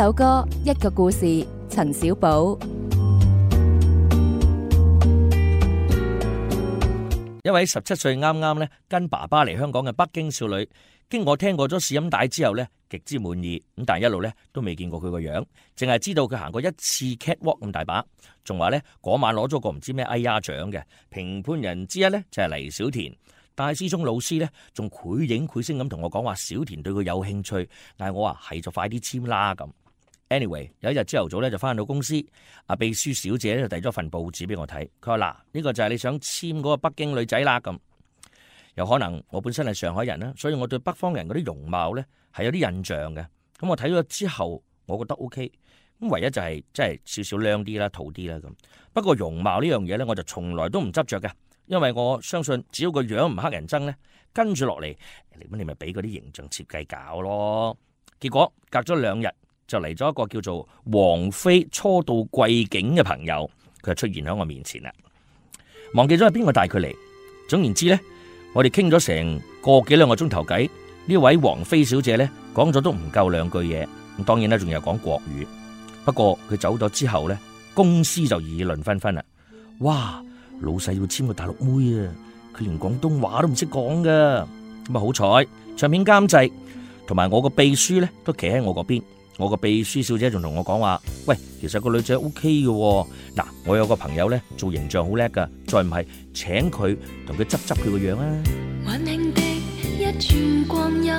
首歌一個故事，陳少寶，一位十七歲啱啱咧跟爸爸嚟香港嘅北京少女，經我聽過咗試音帶之後咧，極之滿意咁，但係一路咧都未見過佢個樣，淨係知道佢行過一次 cat walk 咁大把，仲話咧嗰晚攞咗個唔知咩 A R 獎嘅，評判人之一咧就係黎小田，戴思聰老師咧仲繪影繪聲咁同我講話，小田對佢有興趣，但係我話係就快啲簽啦咁。Anyway，有一日朝頭早咧就返到公司，阿秘書小姐咧就遞咗份報紙俾我睇，佢話嗱呢個就係你想簽嗰個北京女仔啦咁。有可能我本身係上海人啦，所以我對北方人嗰啲容貌咧係有啲印象嘅。咁我睇咗之後，我覺得 OK。咁唯一就係即係少少靚啲啦，土啲啦咁。不過容貌呢樣嘢咧，我就從來都唔執着嘅，因為我相信只要個樣唔黑人憎咧，跟住落嚟你咪你咪俾嗰啲形象設計搞咯。結果隔咗兩日。就嚟咗一個叫做王菲初到貴境嘅朋友，佢就出現喺我面前啦。忘記咗係邊個帶佢嚟。總言之呢，我哋傾咗成個幾兩個鐘頭偈。呢位王菲小姐呢，講咗都唔夠兩句嘢。咁當然啦，仲有講國語。不過佢走咗之後呢，公司就議論紛紛啦。哇，老細要簽個大陸妹啊！佢連廣東話都唔識講噶咁啊，好彩唱片監製同埋我個秘書呢，都企喺我嗰邊。我個秘書小姐仲同我講話，喂，其實個女仔 OK 嘅，嗱，我有個朋友咧做形象好叻噶，再唔係請佢同佢執執佢個樣啊。溫馨的一寸光陰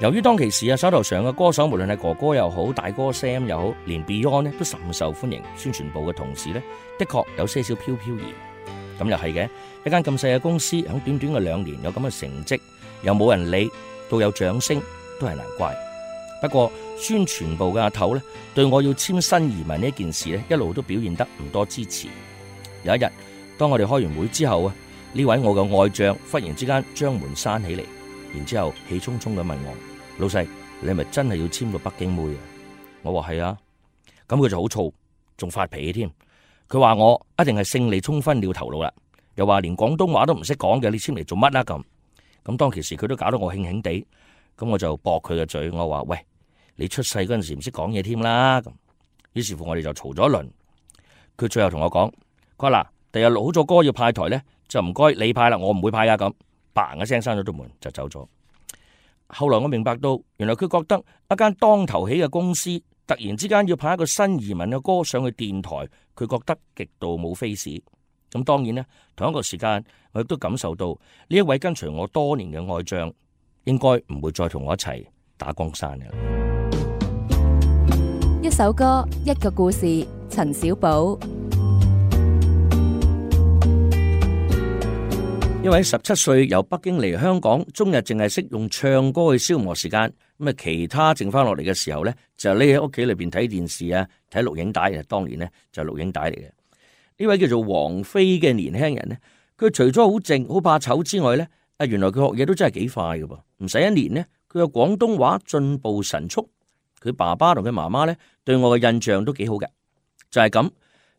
由於當其時啊，手頭上嘅歌手無論係哥哥又好，大哥 Sam 又好，連 Beyond 呢都甚受歡迎。宣傳部嘅同事呢，的確有些少飄飄然。咁又係嘅，一間咁細嘅公司，響短短嘅兩年有咁嘅成績，又冇人理，到有掌聲都係難怪。不過宣傳部嘅阿頭呢，對我要簽新移民呢件事呢，一路都表現得唔多支持。有一日，當我哋開完會之後啊，呢位我嘅愛將忽然之間將門閂起嚟。然之後，氣沖沖咁問我：老細，你係咪真係要簽個北京妹啊？我話係啊，咁佢就好燥，仲發脾氣添。佢話我一定係勝利沖昏了頭腦啦，又話連廣東話都唔識講嘅，你簽嚟做乜啊？咁咁當其時驚驚，佢都搞到我興興地，咁我就駁佢嘅嘴。我話：喂，你出世嗰陣時唔識講嘢添啦。咁於是乎我，我哋就嘈咗一輪。佢最後同我講：佢話嗱，第日錄好咗歌要派台呢，就唔該你派啦，我唔會派啊。咁嘭一聲，閂咗道門就走咗。後來我明白到，原來佢覺得一間當頭起嘅公司，突然之間要派一個新移民嘅歌上去電台，佢覺得極度冇 face。咁當然呢，同一個時間我亦都感受到呢一位跟隨我多年嘅愛將，應該唔會再同我一齊打江山嘅。一首歌，一個故事，陳少寶。一位十七歲由北京嚟香港，中日淨係識用唱歌去消磨時間，咁啊，其他剩翻落嚟嘅時候咧，就匿喺屋企裏邊睇電視啊，睇錄影帶。當年咧就錄影帶嚟嘅。呢位叫做王菲嘅年輕人咧，佢除咗好靜、好怕醜之外咧，啊，原來佢學嘢都真係幾快嘅噃，唔使一年咧，佢嘅廣東話進步神速。佢爸爸同佢媽媽咧，對我嘅印象都幾好嘅，就係、是、咁。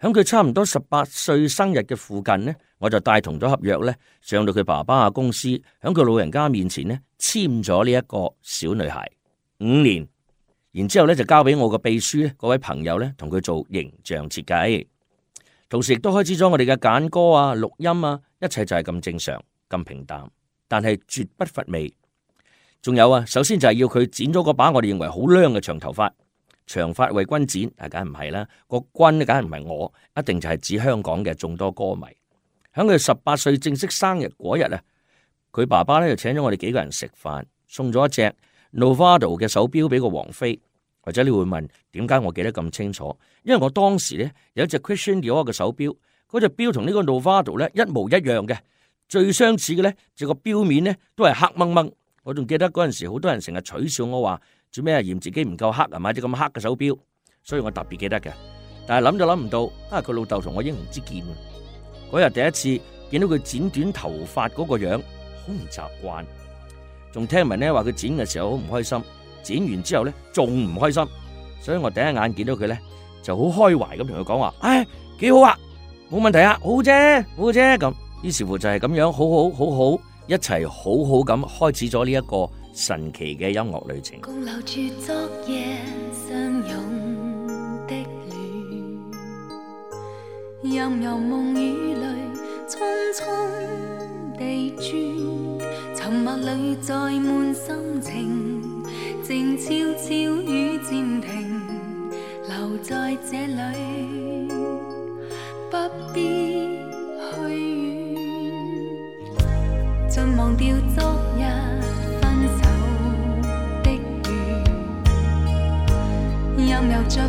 喺佢差唔多十八歲生日嘅附近咧，我就帶同咗合約咧，上到佢爸爸嘅公司，喺佢老人家面前咧簽咗呢一個小女孩五年，然之後咧就交俾我個秘書咧，嗰位朋友咧同佢做形象設計，同時亦都開始咗我哋嘅揀歌啊、錄音啊，一切就係咁正常咁平淡，但係絕不乏味。仲有啊，首先就係要佢剪咗個把我哋認為好靚嘅長頭髮，長髮為君剪啊，梗係唔係啦，個君梗係唔係我，一定就係指香港嘅眾多歌迷。等佢十八歲正式生日嗰日啊，佢爸爸咧就請咗我哋幾個人食飯，送咗一隻 Novado 嘅手表俾個王菲。或者你會問點解我記得咁清楚？因為我當時咧有一隻 Christian Dior 嘅手表，嗰隻表同呢個 Novado 咧一模一樣嘅，最相似嘅咧就個表面咧都係黑掹掹。我仲記得嗰陣時好多人成日取笑我話做咩啊嫌自己唔夠黑啊買隻咁黑嘅手表，所以我特別記得嘅。但係諗就諗唔到啊，佢老豆同我英雄之見。嗰日第一次見到佢剪短頭髮嗰個樣，好唔習慣，仲聽聞呢話佢剪嘅時候好唔開心，剪完之後呢，仲唔開心，所以我第一眼見到佢呢，就好開懷咁同佢講話，唉、哎，幾好啊，冇問題啊，好啫，好啫，咁，於是乎就係咁樣，好好好好，一齊好好咁開始咗呢一個神奇嘅音樂旅程。任由夢與淚匆匆地轉，沉默裏載滿心情，靜悄悄雨漸停，留在這裏不必去遠，盡忘掉昨日分手的怨，任由著。